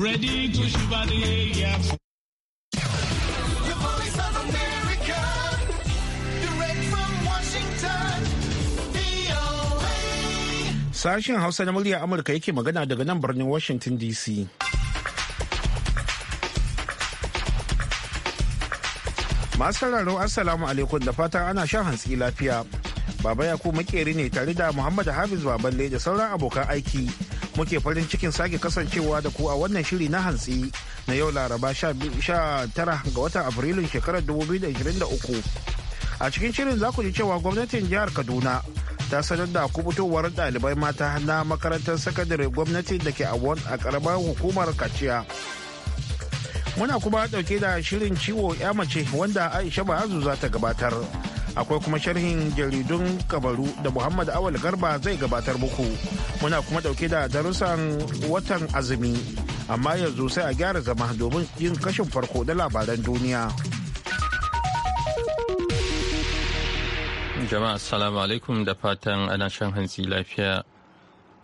Ready to Sashen Hausa na murya Amurka yake magana daga nan birnin Washington DC. Masu sauraro Assalamu alaikum da fatan ana shan hantsi lafiya. Baba Yakubu makeri ne tare da Muhammad Hafiz Baballe da sauran abokan aiki. muke farin cikin sake kasancewa da ku a wannan shiri na hantsi na yau laraba 19 ga watan afrilun shekarar 2023 a cikin shirin za ku ji cewa gwamnatin jihar kaduna ta sanar da kubutowar ɗalibai mata na makarantar sakadare gwamnati da ke awon a karamar hukumar kaciya muna kuma ɗauke da shirin ciwo ya mace wanda aisha ba za ta gabatar akwai kuma sharhin jaridun kabaru da muhammad awal garba zai gabatar muku muna kuma dauke da darussan watan azumi amma yanzu sai a gyara zama domin yin kashin farko da labaran duniya jama'a assalamu alaikum da fatan ana shan hantsi lafiya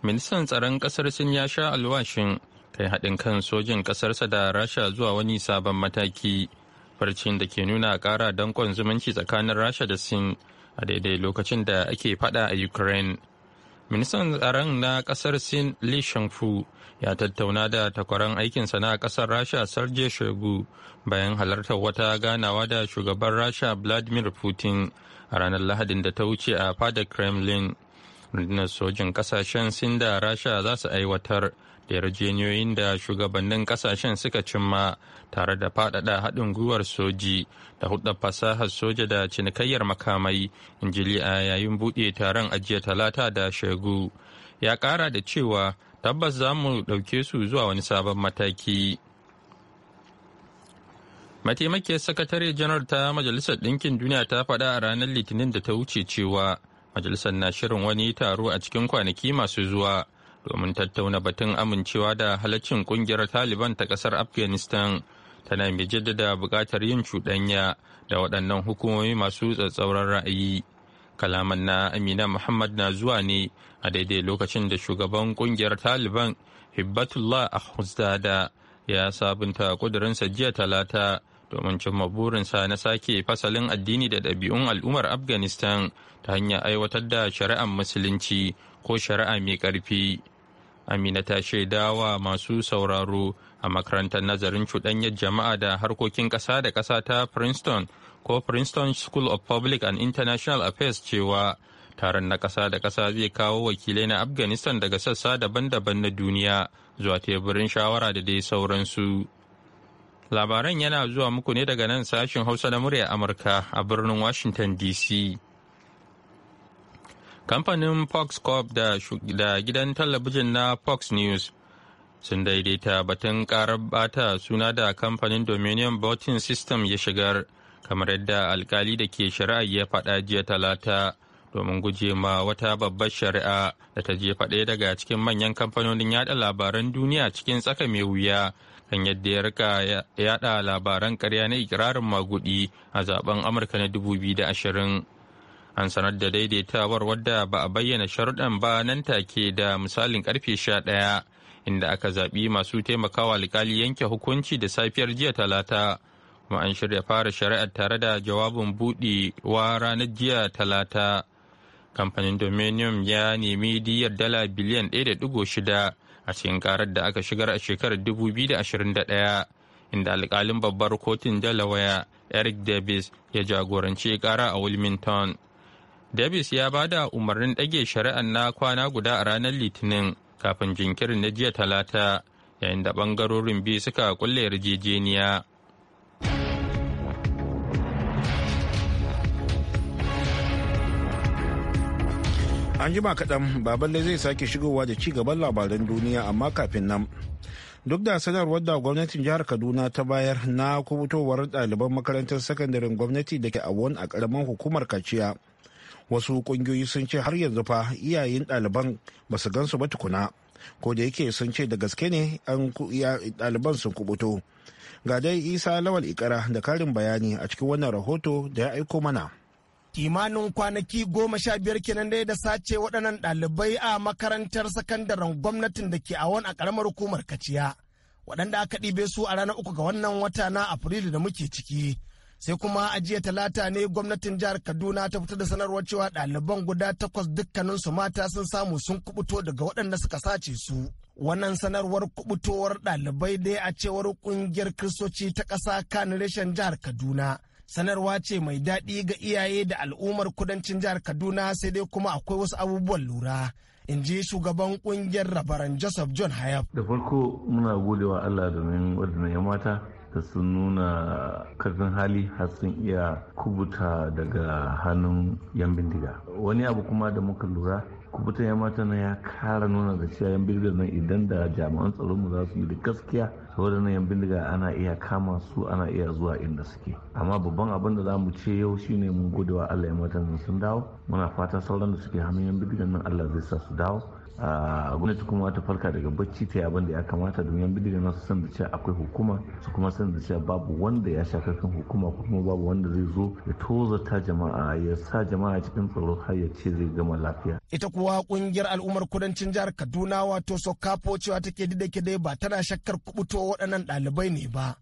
ministan tsaron kasar sin ya sha alwashin kai haɗin kan sojin ƙasarsa da rasha zuwa wani sabon mataki farcin da ke nuna ƙara dankon zumunci tsakanin rasha da sin a daidai lokacin da ake fada a ukraine ministan tsaron na kasar sin li shangfu ya tattauna da takwaran aikinsa na kasar rasha sarje shegu bayan halartar wata ganawa da shugaban rasha vladimir putin a ranar lahadin da ta wuce a fadar kremlin rundunar sojin kasashen sin da rasha za su aiwatar da yarjejeniyoyin da shugabannin kasashen suka cimma tare da faɗaɗa haɗin gwiwar soji da hudda fasahar soja da cinikayyar makamai injili a yayin buɗe taron ajiya talata da shegu ya ƙara da cewa tabbas za mu ɗauke su zuwa wani sabon mataki mataimakiyar sakatare janar ta majalisar ɗinkin duniya ta faɗa a ranar litinin da ta wuce cewa majalisar na shirin wani taro a cikin kwanaki masu zuwa domin tattauna batun amincewa da halaccin kungiyar taliban ta kasar afghanistan tana mai jaddada buƙatar yin cuɗanya da waɗannan hukumomi masu tsatsauran ra'ayi kalaman na amina muhammad na zuwa ne a daidai lokacin da shugaban kungiyar taliban hibbatullah ahuzada ya sabunta ƙudurinsa jiya talata domin cimma burinsa na sake fasalin addini da ɗabi'un al'ummar afghanistan ta hanyar aiwatar da shari'ar musulunci ko shari'a mai ƙarfi amina ta shaidawa masu sauraro a makarantar nazarin cuɗanyar jama'a da harkokin ƙasa da ƙasa ta princeton ko princeton school of public and international affairs cewa taron na ƙasa da ƙasa zai kawo wakilai na afghanistan daga sassa daban-daban na duniya zuwa teburin shawara da dai sauransu labaran yana zuwa muku ne daga nan sashen hausa na murya amurka a birnin washington dc Kamfanin Fox Corp da, gidan talabijin na Fox News sun daidaita batun karar bata suna da kamfanin Dominion Voting System ya shigar, kamar yadda alkali da ke shari'a ya faɗa jiya talata. domin guje ma wata babbar shari'a da ta je ɗaya daga cikin manyan kamfanonin yada labaran duniya cikin tsaka mai wuya kan yadda ya rika yada labaran karya na ikirarin magudi a zaben amurka na 2020 an sanar da daidaitawar wadda ba a bayyana sharuɗan ba nan take da misalin karfe sha ɗaya inda aka zaɓi masu taimakawa alkali yanke hukunci da safiyar jiya talata kuma an shirya fara shari'ar tare da jawabin buɗewa ranar jiya talata kamfanin dominium ya nemi diyar dala biliyan 1.6 a cikin karar da aka shigar a shekarar 2021 inda alkalin babbar kotun delaware eric davis ya jagoranci kara a wilmington davis ya ba da umarnin ɗage shari'ar na kwana guda a ranar litinin kafin jinkirin na jiya talata yayin da ɓangarorin biyu suka kulle yarjejeniya an jima kaɗan baballe zai sake shigowa da ci gaban labaran duniya amma kafin nan duk da sanarwar da gwamnatin jihar kaduna ta bayar na kubutowar ɗaliban makarantar sakandaren gwamnati da ke awon a ƙaramin hukumar kaciya wasu kungiyoyi sun ce har yanzu fa iyayen ɗaliban ba su gansu ba tukuna ko da yake sun ce da gaske ne an ɗaliban sun kubuto ga dai isa lawal ikara da karin bayani a cikin wannan rahoto da ya aiko mana kimanin kwanaki goma sha biyar kenan dai da sace waɗannan ɗalibai a makarantar sakandaren gwamnatin da ke awon a ƙaramar hukumar kaciya waɗanda aka ɗibe su a ranar uku ga wannan wata na afrilu da muke ciki sai kuma a jiya talata ne gwamnatin jihar kaduna ta fitar da sanarwar cewa ɗaliban guda takwas dukkaninsu mata sun samu sun kubuto daga waɗanda suka sace su wannan sanarwar kubutowar ɗalibai dai a cewar ƙungiyar kristoci ta ƙasa kan reshen jihar kaduna sanarwa ce mai daɗi ga iyaye da al'ummar kudancin jihar kaduna sai dai kuma akwai wasu abubuwan lura in ji shugaban ƙungiyar rabaran joseph john hayab da farko muna godewa allah domin wadannan ya mata da sun nuna karfin hali har sun iya kubuta daga hannun yan bindiga wani abu kuma da muka lura kubutan yan mata na ya kara nuna da cewa yan bindiga nan idan da jami'an tsaron mu za su yi da gaskiya saboda nan yan bindiga ana iya kama su ana iya zuwa inda suke amma babban abin da za mu ce yau shine mun gode wa Allah yan mata sun dawo muna fata sauran da suke hannun yan bindigan nan Allah zai sa su dawo gwamnati kuma ta farka daga bacci ta abin da ya kamata domin bidiyo na nasu san da cewa akwai hukuma su kuma san da cewa babu wanda ya sha kan hukuma kuma babu wanda zai zo ya ta jama'a ya sa jama'a cikin tsaro har ya ce zai gama lafiya. ita kuwa kungiyar al'ummar kudancin jihar kaduna wato sokapo cewa take didake dai ba tana shakkar kubuto waɗannan ɗalibai ne ba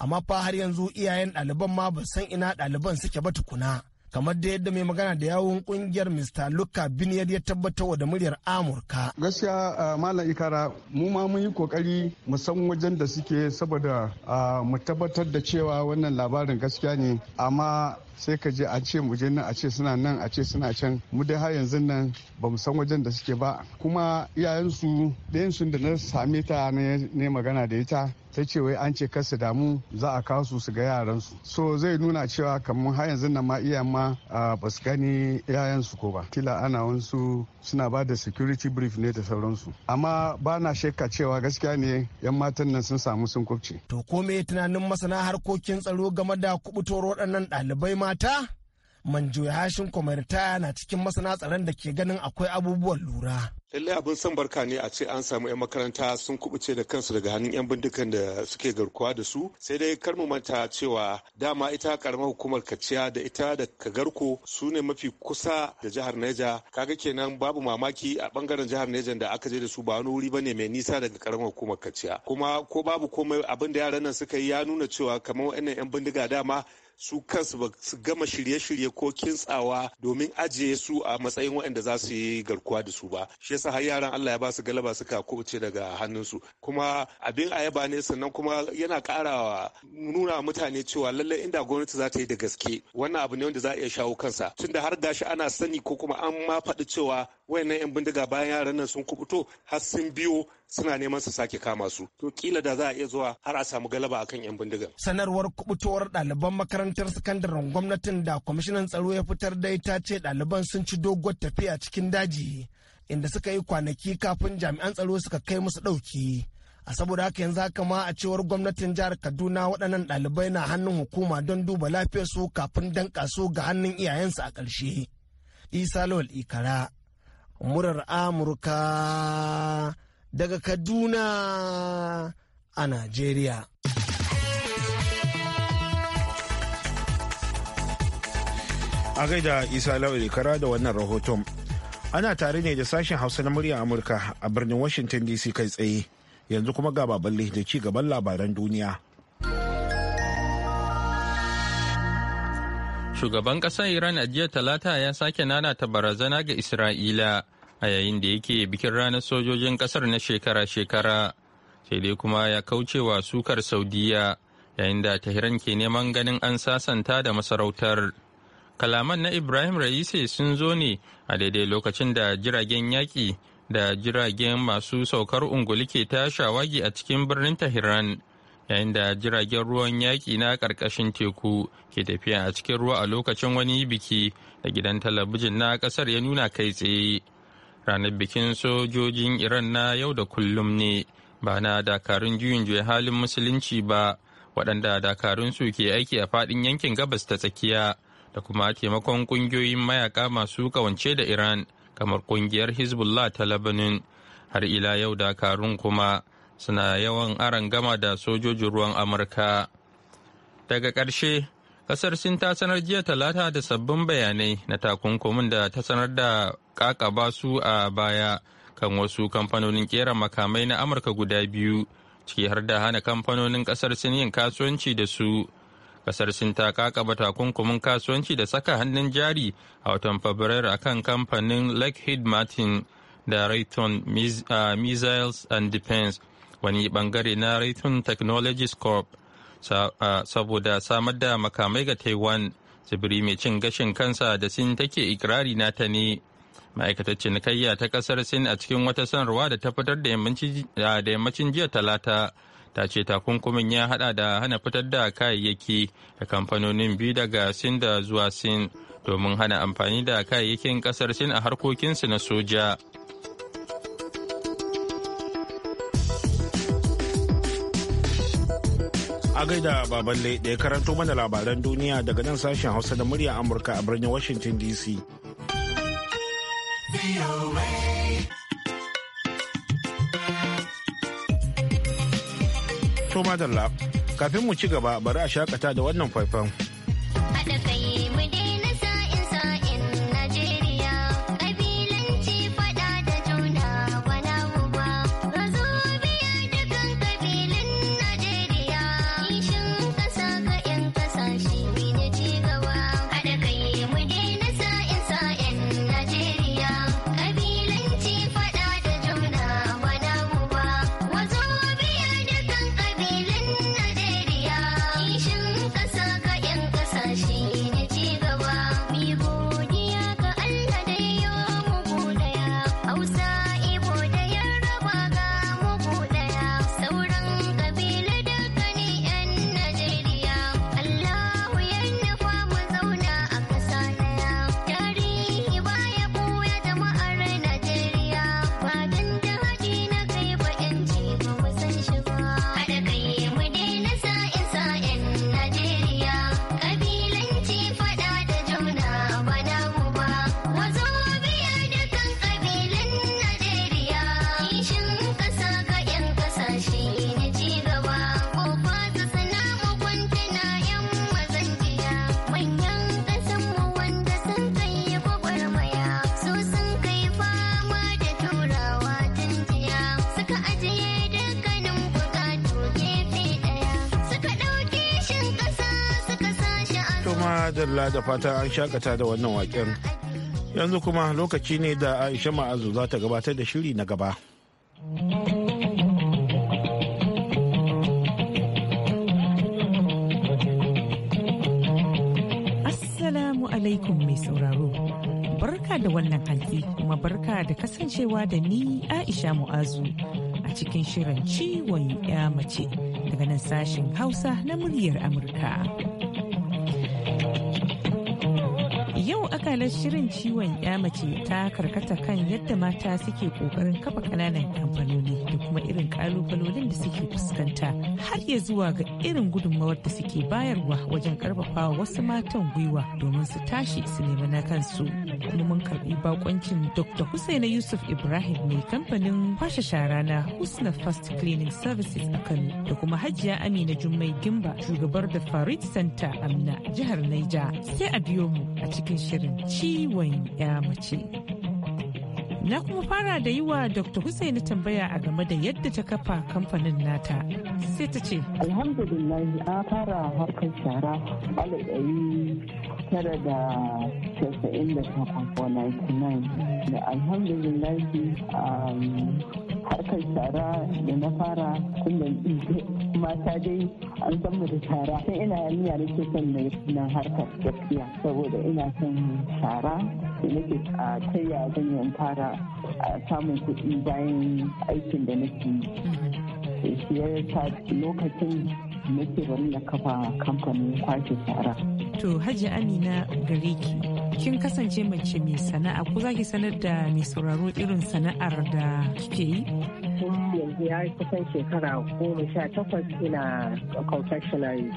amma fa har yanzu iyayen ɗaliban ma ba san ina ɗaliban suke ba tukuna. kamar da yadda mai magana da yawun kungiyar Mr. Luka Biniyar ya tabbatar wa da muryar Amurka. Gaskiya Malam Ikara mu ma mun yi kokari mu san wajen da suke saboda mu tabbatar da cewa wannan labarin gaskiya ne amma sai ka je a ce mu nan a ce suna nan a ce suna can mu dai har yanzu nan ba mu san wajen da suke ba kuma iyayensu su da na same ta ne magana da ita ta ce wai an ce kar damu za a kasu su su ga yaransu so zai nuna cewa kamar har yanzu nan ma iya ma ba su gani yayansu ko ba kila ana wansu suna ba da security brief ne da sauransu amma ba na shakka cewa gaskiya ne yan matan nan sun samu sun kwabce to ko me tunanin masana harkokin tsaro game da kubutor waɗannan ɗalibai mata manjo hashin kwamarta na cikin masana tsaron da ke ganin akwai abubuwan lura lallai abin son barka ne a ce an samu 'yan makaranta sun kubuce da kansu daga hannun 'yan bindigan da suke garkuwa da su sai dai kar mu manta cewa dama ita karamar hukumar kaciya da ita da kagarko su ne mafi kusa da jihar neja kaga kenan babu mamaki a bangaren jihar neja da aka je da su ba wani wuri bane mai nisa daga karamar hukumar kaciya kuma ko babu komai abin da yaran nan suka yi ya nuna cewa kamar wa'annan 'yan bindiga dama su kansu ba su gama shirye-shirye ko kintsawa domin ajiye su a matsayin waɗanda za su yi garkuwa da su ba shi yasa har yaran Allah ya ba su galaba suka kubuce daga hannunsu kuma abin ayaba ne sannan kuma yana ƙara nuna mutane cewa lallai inda gwamnati za ta yi da gaske wannan abu ne wanda za a iya shawo kansa tunda har gashi ana sani ko kuma an ma faɗi cewa wayannan 'yan bindiga bayan yaran nan sun kubuto har sun biyo suna neman su sake kama su to kila da za a iya zuwa har a samu galaba akan 'yan bindiga. sanarwar kubutowar ɗaliban makarantar sakandaren gwamnatin da kwamishinan tsaro ya fitar dai ta ce ɗaliban sun ci doguwar tafiya cikin daji inda suka yi kwanaki kafin jami'an tsaro suka kai musu ɗauki. a saboda haka yanzu haka ma a cewar gwamnatin jihar kaduna waɗannan ɗalibai na hannun hukuma don duba lafiyarsu kafin danƙa su ga hannun iyayensu a ƙarshe isa lawal ikara murar Amurka daga Kaduna a Najeriya. A gaida Isa Lauri kara da wannan rahoton. Ana tare ne da sashen Hausa na murya Amurka a birnin Washington DC kai tsaye. Yanzu kuma ga baballe da ci gaban labaran duniya. Shugaban ƙasar Iran a jiya talata ya sake nana ta barazana ga Isra'ila a yayin da yake bikin ranar sojojin kasar na shekara-shekara sai dai kuma ya kaucewa sukar saudiya yayin da tahiran ke neman ganin an sasanta da masarautar kalaman na ibrahim raisi sun zo ne a daidai lokacin da jiragen yaƙi da jiragen masu saukar unguli ke ta shawagi a cikin birnin tahiran yayin da jiragen ruwan yaƙi na ƙarƙashin teku ke tafiya a cikin ruwa a lokacin wani biki da gidan talabijin na ƙasar ya nuna kai tsaye ranar bikin sojojin iran na yau da kullum ne ba na dakarun juyin juya halin musulunci ba waɗanda dakarun su ke aiki a faɗin yankin gabas ta tsakiya da kuma taimakon ƙungiyoyin mayaka masu ƙawance da iran kamar ƙungiyar hezbollah ta labanin har ila yau dakarun kuma suna yawan aron gama da sojojin ruwan amurka daga ƙarshe Kasar Sin ta sanar jiya talata da sabbin bayanai na takunkumin da ta sanar da kakaba su a baya kan wasu kamfanonin kera makamai na Amurka guda biyu, ciki har da hana kamfanonin kasar Sin yin kasuwanci da su. Kasar Sin ta kakaba takunkumin kasuwanci da saka hannun jari a watan Fabrairu kan kamfanin Lockheed Martin da Raytheon ah, Missiles and Defense, wani bangare na Raytheon Technologies Corp. saboda samar da makamai ga taiwan tsibiri mai cin gashin kansa da sin take ikirari nata ne ma'aikatar cinikayya ta kasar sin a cikin wata sanarwa da ta fitar da yammacin jiya talata ta ce takunkumin ya hada da hana fitar da kayayyaki da kamfanonin biyu daga sin da zuwa sin domin hana amfani da kayayyakin kasar sin a harkokinsu na soja. A gaida baballe da ya karanto mana labaran duniya daga nan sashen Hausa da murya Amurka a birnin Washington DC. To madalla, kafin mu ci gaba bari a shakata da wannan faifan. Hada mu madalla da fatan an shakata da wannan waken yanzu kuma lokaci ne da aisha ma'azu za ta gabatar da shiri na gaba assalamu alaikum mai sauraro barka da wannan hanki kuma barka da kasancewa da ni aisha mu'azu a cikin shirin ciwon ya mace daga nan sashen hausa na muryar amurka akalar shirin ciwon mace ta karkata kan yadda mata suke kokarin kafa kananan kamfanoni da kuma irin kalubalolin da suke fuskanta har ya zuwa ga irin gudunmawar da suke bayarwa wajen karfafa wasu matan gwiwa domin su tashi su nemi na kansu kuma mun karbi bakoncin dr husaina yusuf ibrahim mai kamfanin kwashe shara na husna first cleaning services a kano da kuma hajiya amina jummai gimba shugabar da farid center amina jihar naija sai a biyo mu a cikin shirin ciwon ya mace. Na kuma fara da yi wa Dr. Hussaini tambaya a game da yadda ta kafa kamfanin nata. Sai ta ce, Alhamdulillah na fara harkar shara alif ɗari tara da casa'in da takwas da alhamdulillah um, harkar shara da na fara tun da mata dai an san mu da shara sai ina yarinya ke son na harkar gaskiya saboda ina son shara da nake a taya zan yi fara samun kuɗi bayan aikin da nake yi. Mm-hmm. Shi ya lokacin na bari na kafa kamfanin kwakin tsara. To Hajji Amina Gariki, Kin kasance mace mai sana'a ko za ki sanar da mai sauraro irin sana'ar da kike yi? ya kusan shekara goma sha takwas ina confectionery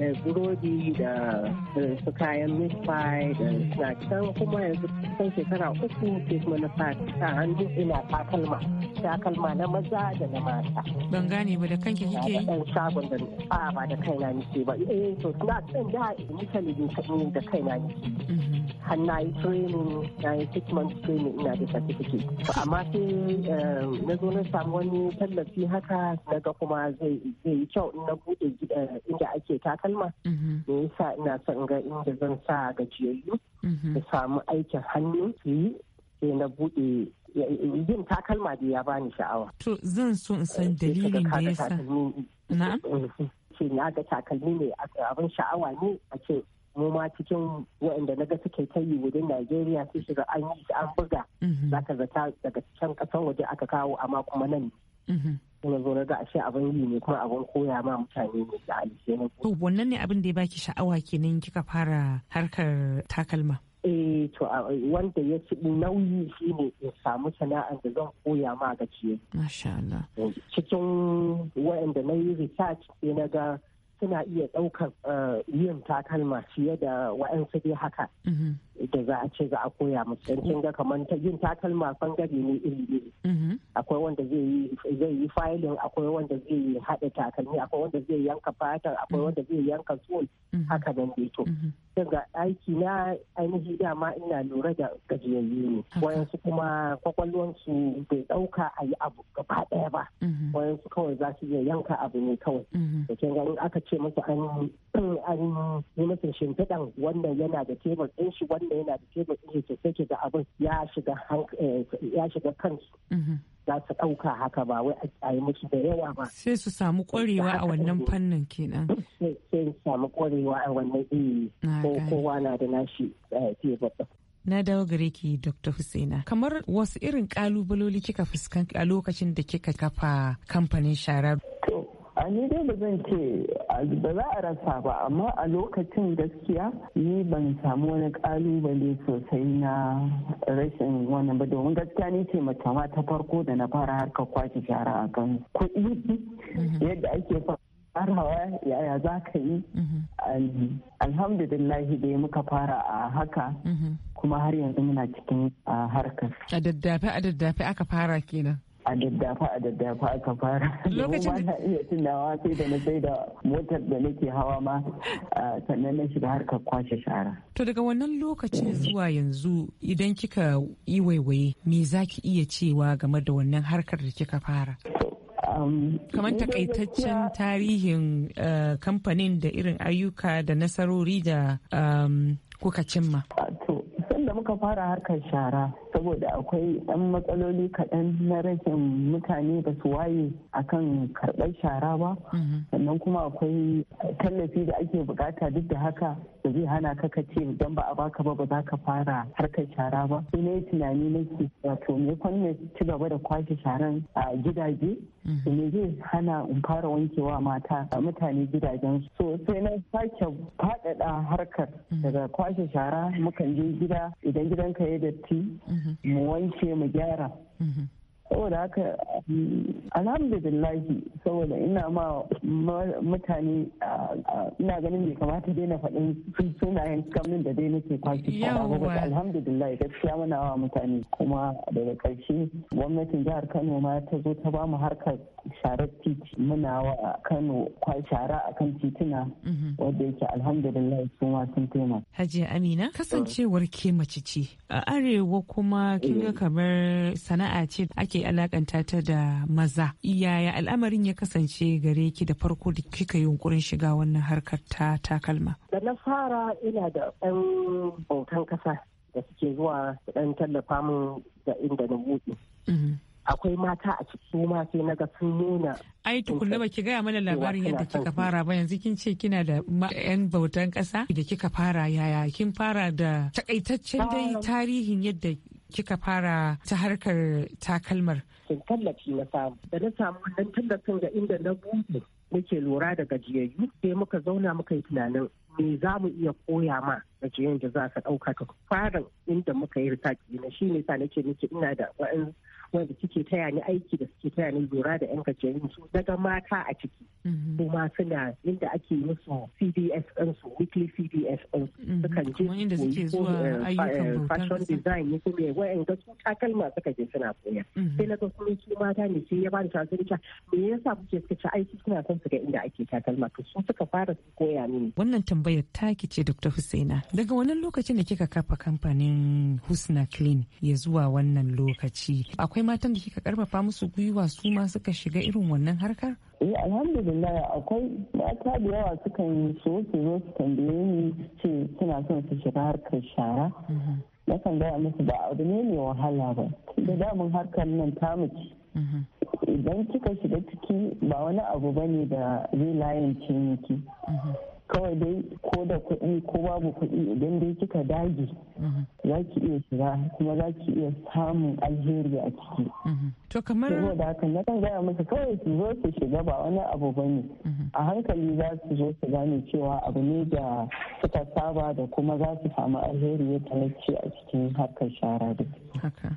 eh, burodi da eh, su kayan mispai da snacks kuma yanzu kusan shekara uku ke kuma na fata an ina takalma takalma na maza da na mata. Ban gane ba da kanki kike yi? Ɗan shagon da a ba da kaina nake ba. Eh to na ɗan da initially ne kaɗan da kaina nake. Mm-hmm. Har na yi training na yi six months training ina da certificate. amma sai eh, na zo na samu wani wani tallafi haka daga kuma zai yi kyau in na bude inda ake takalma mm-hmm. me yasa ina son ga inda zan sa gajiyayyu da mm-hmm. samu aikin hannu su yi sai na bude yin takalma da ya bani sha'awa. To zan so in san eh, dalilin da ya sa. Na? Ce na ga takalmi ne abin sha'awa ne a ce mu ma cikin waɗanda na ga suke ta yi wajen Najeriya sai shiga an yi an buga mm-hmm. za ka zata daga cikin ƙasar waje aka kawo amma kuma nan kuma zo na ga ashe abin yi ne kuma abin koya ma mutane ne da alishe na to wannan ne abin da ya baki sha'awa kenan kika fara harkar takalma eh to wanda ya ci nauyi shi ne in samu sana'ar da zan koya ma ga ciye masha Allah cikin waɗanda na yi research sai na ga suna iya ɗaukar eh, yin takalma fiye da waɗansu dai haka mm-hmm. da za a ce za a koya musu don kin ga kamar ta yin takalma fangare ne iri iri mm-hmm. akwai wanda zai yi zai yi filing akwai wanda zai yi haɗa takalmi akwai wanda zai yanka fatan akwai wanda zai yanka sol mm-hmm. haka nan dai to mm-hmm. daga aiki na ainihi dama ina lura da gajiyayyu ne wayansu kuma kwakwalwan su bai ɗauka ayi yi abu gaba ɗaya ba wayansu kawai za su iya yanka abu ne kawai da kin ga in aka ce musu an yi musu shimfiɗan wannan yana da tebur ɗin shi wannan da yana da tebur ɗin ke sai da abin ya shiga eh, kansu mhm. za su ɗauka haka ba wai a yi musu da yawa ba. Sai su samu ƙwarewa a wannan fannin kenan. Sai su samu ƙwarewa a wannan iri eh, ko kowa na da nashi eh, tebur ɗin. na dawo gare ki dr husaina kamar wasu irin kalubaloli kika fuskanta a lokacin da kika kafa kamfanin shara a ni dai ba zan ce ba za a rasa ba amma a lokacin gaskiya ni ban samu wani kalubale sosai na rashin wannan ba domin gaskiya ni ce mace ma ta farko da na fara harkar kwaki shara a kan kuɗi mhm. yadda ake farawa yaya za ka yi mhm. alhamdulillahi dai muka fara a haka mhm. kuma har yanzu muna cikin harkar a daddafe a daddafe aka fara kenan a daddafa a daddafa aka fara lokacin da iya tunawa sai da na sai da motar da nake hawa ma sannan na shiga harkar kwashe shara to daga wannan lokacin eh. zuwa yanzu idan kika yi waiwaye me zaki iya cewa game da wannan harkar da kika fara kamar takaitaccen tarihin eh, kamfanin da irin ayyuka da nasarori da kuka cimma to sanda muka fara harkar shara saboda akwai ɗan matsaloli kaɗan na rashin mutane ba su waye akan karɓar shara ba mhm. sannan kuma akwai tallafi da ake bukata duk da haka da zai hana ka ka ce idan ba a baka ba ba za ka fara harkar shara ba sai na yi tunani nake wato me kwanne ci gaba da kwashe sharan a gidaje me zai hana in fara wankewa mata a mutane gidajen so sai na sake faɗaɗa harkar daga kwashe shara mukan je gida idan gidanka ya datti mu wanke mu gyara saboda haka um, alhamdulillahi saboda ina ma mutane uh, uh, ina ganin bai kamata daina faɗin sunayen kamnin da dai nake kwaki ba alhamdulillahi gaskiya muna wa mutane kuma daga ƙarshe gwamnatin jihar kano ma ta zo ta bamu harkar sharar titi muna wa Kano shara a kan tituna mhm. wanda yake alhamdulillah sun wa sun taimaka. Hajiya Amina kasancewar ke mace ce a arewa kuma kin ga eh. kamar sana'a ce ake alakanta ta da maza yaya al'amarin ya kasance gare ki da farko da kika yunkurin shiga wannan harkar ta takalma. Da na fara ina da ɗan bautan kasa da suke zuwa da ɗan tallafa min da inda na buɗe. Mhm. akwai mata a cikin ma sai na ga sun nuna ai tukunna ba ki gaya mana labarin yadda kika fara ba yanzu kin ce kina da yan bautan kasa da kika fara yaya kin fara da takaitaccen dai tarihin yadda kika fara ta harkar takalmar kin tallafi na samu da na samu wannan tallafin ga inda na buɗe muke lura da gajiyayyu sai muka zauna muka yi tunanin me za mu iya koya ma gajiyayyen da za ka ɗauka ta farin inda muka yi ritaki na shi ne sa nake nake ina da wa'in wanda suke taya ni aiki da suke taya ni lura da yan gajiyayyu su daga mata a ciki mhm. kuma suna inda ake musu cds su weekly cds Su mhm. sukan je koyi eh, eh, fashion design ne kuma wayan ga su takalma suka je suna koya mhm. sai na ga kuma su mata ne sai ya ba ni da ta me yasa kuke suka ci aiki suna son su ga inda ake takalma to su suka fara su koya mini wannan tambayar taki ce dr husaina daga wannan lokacin da kika kafa kamfanin husna clean ya zuwa wannan lokaci akwai akwai matan da kika karfafa musu gwiwa su ma suka shiga irin wannan harkar? Eh alhamdulillah akwai mata da yawa sukan so su zo su tambaye ni ce suna son su shiga harkar shara. Mm-hmm. Na kan gaya musu ba abu ne mai wahala ba. Da damun harkar nan ta mace. Mm-hmm. Idan kika shiga ciki ba wani abu bane da zai layin ciniki. Mm-hmm. kawai dai ko da kuɗi ko babu kuɗi idan dai kika dage mhm. za ki iya shiga kuma za ki iya samun alheri a ciki. Mhm. To kamar da haka na kan gaya masa kawai su zo su shiga ba wani abu ba ne mhm. a hankali za su zo su gane cewa abu ne da suka saba da kuma za su samu alheri yadda na a cikin harkar shara da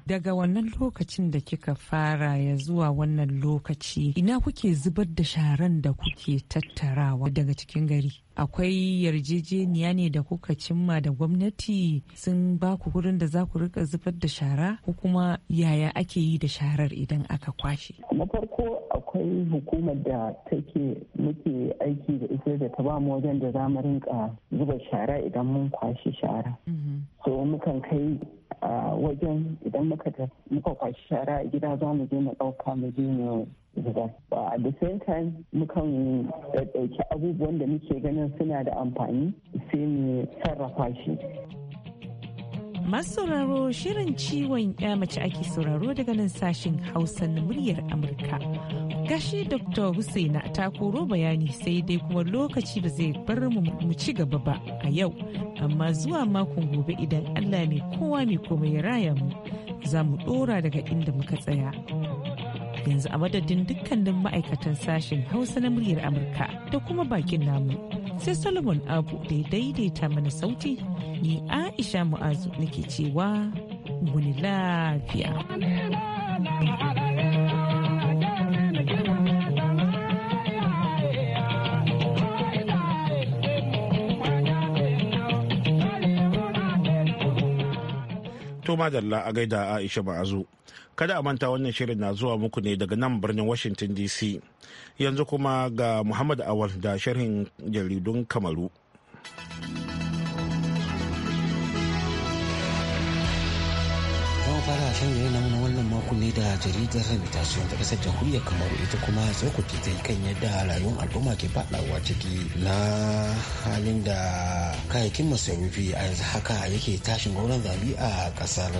Daga wannan lokacin da kika fara ya zuwa wannan lokaci ina kuke zubar da sharan da kuke tattarawa daga cikin gari akwai yarjejeniya ne da kuka cimma da gwamnati sun ba ku gurin da za ku rika zubar da shara ko kuma yaya ake yi da sharar idan aka kwashe. Na farko akwai hukumar da take muke aiki da ita da ta ba mu wajen da za mu rinka zuba shara idan mun kwashe shara. Mm-hmm. So mukan kai a wajen idan muka kwashe shara a gida za mu je mu ɗauka mu je mu a the same time mukan ɗauki abubuwan da muke ganin suna da amfani sai mu sarrafa shi masu sauraro shirin ciwon ya mace ake sauraro daga nan sashen hausa na muryar amurka gashi dr husaina ta koro bayani sai dai kuma lokaci ba zai bar mu ci gaba ba a yau amma zuwa makon gobe idan allah mai kowa mai komai raya mu za mu dora daga inda muka tsaya yanzu a madadin dukkanin ma'aikatan sashen hausa na muryar amurka da kuma bakin namu sai solomon abu da ya daidaita mana sauti ni aisha mu'azu nake cewa muni lafiya To madalla a gaida Aisha zo. Kada a manta wannan shirin na zuwa muku ne daga nan birnin Washington DC. Yanzu kuma ga Muhammad Awal da sharhin jaridun Kamaru. fara shan yare namu na wannan makon ne da jaridar Reputation ta kasar jamhuriya Kamaru ita kuma tsokoki ta yi kan yadda rayuwar al'umma ke faɗawa ciki na halin da kayakin masarufi a yanzu haka yake tashin gwamnan zabi a kasar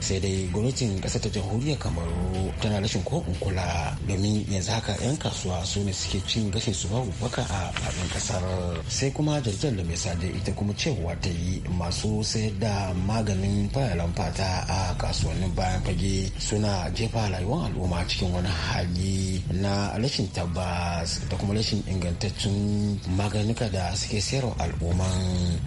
sai dai gwamnatin kasar ta jamhuriya Kamaru tana rashin ko kula domin yanzu haka 'yan kasuwa su ne suke cin gashin su babu baka a faɗin kasar sai kuma jaridar da mai sadai ita kuma cewa ta yi masu sayar da maganin fayalan fata a kasuwa kasuwannin bayan fage suna jefa rayuwar al'umma cikin wani hali na rashin tabbas da kuma rashin ingantaccen maganuka da suke sayarwa al'umma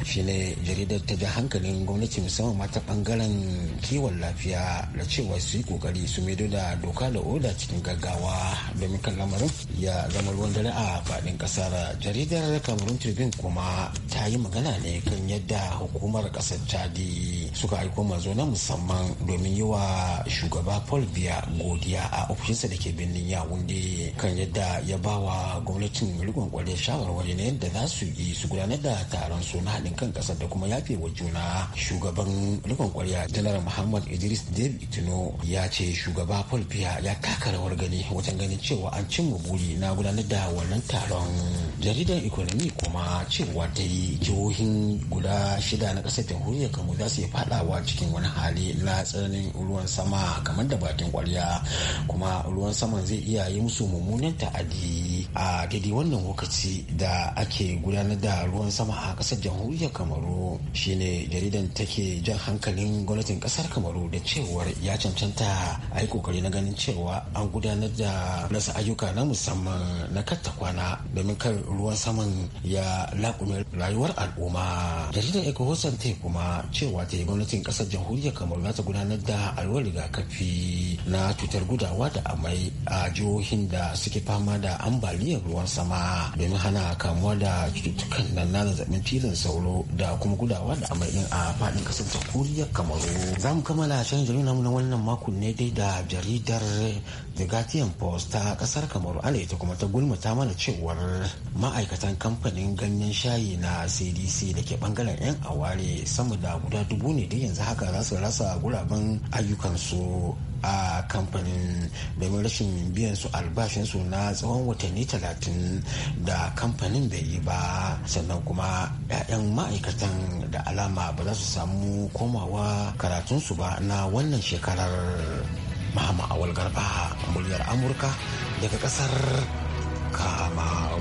shine jaridar ta ji hankalin gwamnati musamman mata bangaren kiwon lafiya da cewa su yi kokari su maido da doka da oda cikin gaggawa domin kan lamarin ya zama ruwan dare a faɗin ƙasar jaridar kamarun tribune kuma ta yi magana ne kan yadda hukumar ƙasar chadi suka aiko mazo na musamman domin domin yi wa shugaba paul biya godiya a ofishinsa da ke birnin yawunde kan yadda ya ba wa gwamnatin rikon kwale shawarwari na yadda za su yi su gudanar da taron su na haɗin kan ƙasar da kuma yafe wa juna shugaban rikon kwarya janar muhammad idris david itino ya ce shugaba paul biya ya taka rawar gani wajen ganin cewa an cimma buri na gudanar da wannan taron jaridar economy kuma cewa ta yi jihohin guda shida na ƙasar jamhuriyar kamo za su yi fadawa cikin wani hali na tsananin ruwan sama kamar da bakin kwarya kuma ruwan saman zai iya yi musu mummunan ta'adi a daidai wannan lokaci da ake gudanar da ruwan sama a ƙasar jamhuriyar kamaru shine jaridan take jan hankalin gwamnatin ƙasar kamaru da cewar ya cancanta a yi kokari na ganin cewa an gudanar da rasa ayyuka na musamman na ta kwana domin kar ruwan saman ya lakume rayuwar al'umma jaridar ecohosan ta kuma cewa ta yi gwamnatin ƙasar jamhuriyar kamar za ta gudanar da alwar rigakafi na cutar gudawa da amai a jihohin da suke fama da ambaliyar ruwan sama domin hana kamuwa da cututtukan nan na zazzabin cizon sauro da kuma gudawa da amai din a faɗin ƙasar jamhuriyar kamaru za mu kammala shan jaridar na wannan makon ne dai da jaridar the guardian post ta kasar kamaru ana ita kuma ta gulmata mana cewar ma'aikatan kamfanin ganyen shayi na cdc da ke bangaren 'yan aware sama da guda dubu ne da yanzu haka za su rasa guraben ayyukansu a kamfanin domin rashin biyan su albashinsu na tsawon watanni talatin da kamfanin bai yi ba sannan kuma 'ya'yan ma'aikatan da alama ba za su samu komawa karatunsu ba na wannan shekarar mahama awal garba muryar amurka daga kasar kamaru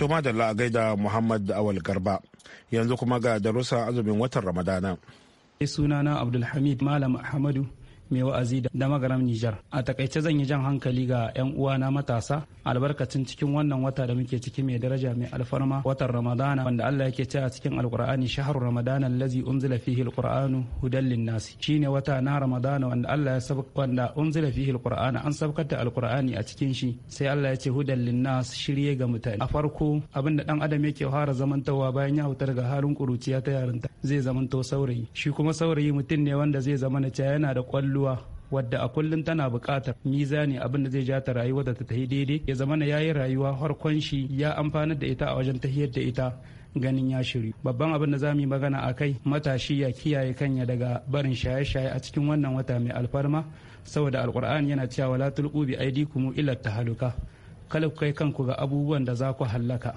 To madalla a gaida Muhammad Awal Garba yanzu kuma ga darussa azumin watan Ramadana. Sunana Abdulhamid Malam Ahmadu mai wa'azi da magaram Nijar. A takaice zan yi jan hankali ga 'yan uwa na matasa albarkacin cikin wannan wata da muke ciki mai daraja mai alfarma watan Ramadana wanda Allah yake cewa cikin Alkur'ani shahru Ramadana allazi unzila fihi alqur'anu hudan linnasi shine wata na Ramadana wanda Allah ya sabaka wanda unzila fihi alqur'ana an sabkar da alqur'ani a cikin shi sai Allah ya ce hudan linnas shirye ga mutane. A farko abin da dan adam yake fara zamantawa bayan ya huta daga halin kuruciya ta yarinta zai zamanto saurayi shi kuma saurayi mutum ne wanda zai zamana cewa yana da kwallo kwakwalwa wadda a kullum tana buƙatar mizani abin da zai ja ta rayuwa da ta tafi daidai ya zama na yayi rayuwa harkon shi ya amfanar da ita a wajen tahiyar da ita ganin ya shiri babban abin da za mu yi magana a kai matashi ya kiyaye kanya daga barin shaye-shaye a cikin wannan wata mai alfarma saboda alkur'ani yana cewa la tulqu bi aydikum ila tahaluka kala ku kai kanku ga abubuwan da za ku hallaka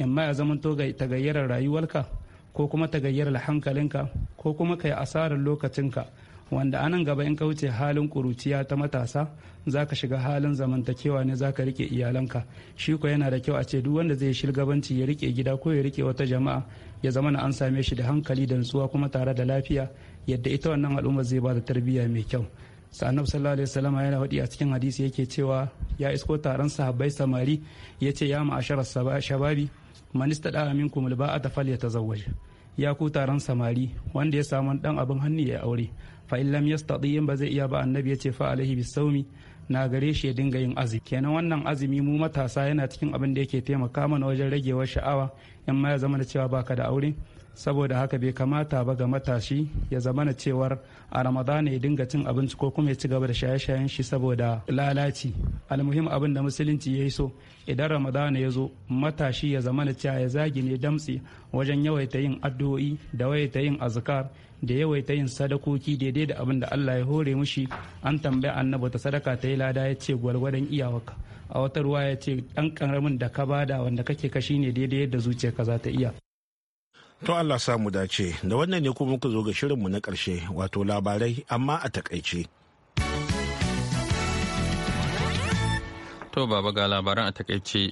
amma ya zama to tagayyarar rayuwarka ko kuma tagayyarar hankalinka ko kuma kai asarar lokacinka wanda anan gaba in ka wuce halin kuruciya ta matasa za ka shiga halin zamantakewa ne za ka rike iyalanka shi ko yana da kyau a ce duk wanda zai shilgabanci ya rike gida ko ya rike wata jama'a ya zama na an same shi da hankali da nutsuwa kuma tare da lafiya yadda ita wannan al'umma zai ba da tarbiyya mai kyau sa'annab sallallahu alaihi wasallam yana faɗi a cikin hadisi yake cewa ya isko taron sahabbai samari ya ce ya ma'asharar shababi man istada minkum ta falyatazawwaj ya ku taron samari wanda ya samu dan abin hannu ya aure fa in lam yastati in ba zai iya ba annabi ya ce fa alaihi bisawmi na gare shi ya dinga yin azumi kenan wannan azumi mu matasa yana cikin abin da yake taimaka mana wajen ragewar sha'awa in ma ya zama da cewa baka da aure saboda haka bai kamata ba ga matashi ya zama na cewar a ramadana ya dinga cin abinci ko kuma ya ci gaba da shaye-shayen shi saboda lalaci almuhim abin da musulunci ya yi so idan ramadana ya zo matashi ya zama na cewa ya zagi ne damtsi wajen yawaita yin addu'o'i da wayaita yin azkar da yawaita yin sadakoki daidai da abin da Allah ya hore mushi an tambaya annabi ta sadaka ta yi lada ya ce gwargwadon iyawaka a wata ruwa ya ce ɗan ƙaramin da ka bada wanda kake kashi ne daidai yadda zuciyarka za ta iya. To Allah sa mu dace da wannan ne kuma muka zo ga shirin mu na karshe wato labarai amma a takaice. To baba ga labaran a takaice.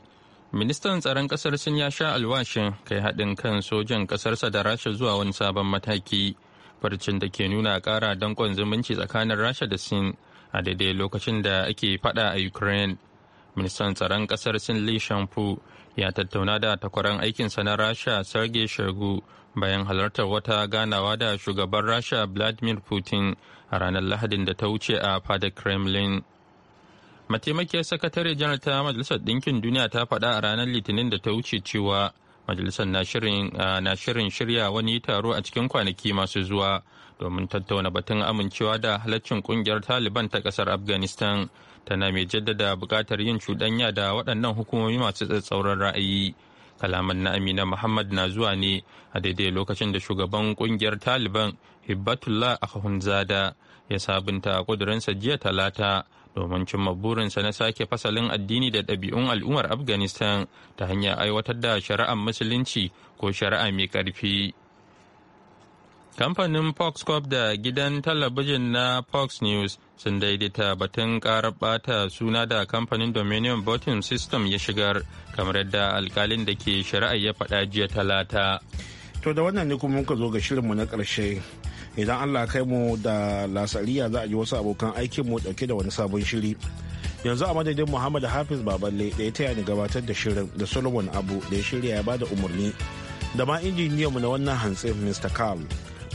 Ministan tsaron kasar sun ya sha alwashin kai haɗin kan sojan kasarsa da Rasha zuwa wani sabon mataki. farcin da ke nuna kara dankon zumunci tsakanin rasha da sin a daidai lokacin da ake fada a ukraine ministan tsaron kasar sin li shampu ya tattauna da takwaran aikinsa na rasha sergei shagu bayan halartar wata ganawa da shugaban rasha vladimir putin a ranar lahadin da ta wuce a fadar kremlin mataimakiyar sakatare janar ta majalisar ɗinkin duniya ta faɗa a ranar litinin da ta wuce cewa majalisar na shirin shirya wani taro a cikin kwanaki masu zuwa domin tattauna batun amincewa da halaccin kungiyar taliban ta kasar afghanistan tana mai jaddada bukatar yin cuɗanya da waɗannan hukumomi masu tsatsauran ra'ayi kalaman na amina muhammad na zuwa ne a daidai lokacin da shugaban kungiyar taliban hibbatullah akhunzada ya sabunta ƙudurinsa jiya talata domin cimma burinsa na sake fasalin addini da ɗabi'un al'ummar afghanistan ta hanyar aiwatar da shari'ar musulunci ko shari'a mai ƙarfi kamfanin fox corp da gidan talabijin na fox news sun daidaita batun ƙarar bata suna da kamfanin dominion voting system ya shigar kamar yadda alkalin da ke shari'a ya faɗa jiya talata to da wannan ne kuma muka zo ga shirinmu na ƙarshe idan allah kai mu da lasariya za a ji wasu abokan aikin mu dauke da wani sabon shiri yanzu a madadin muhammad hafiz baballe da ya taya ni gabatar da shirin da solomon abu da ya shirya ya bada umarni da ma mu na wannan hantsin mr carl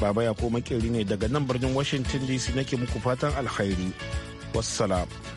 baba ya ko makeri ne daga nan birnin washington dc nake muku fatan alkhairi wassalam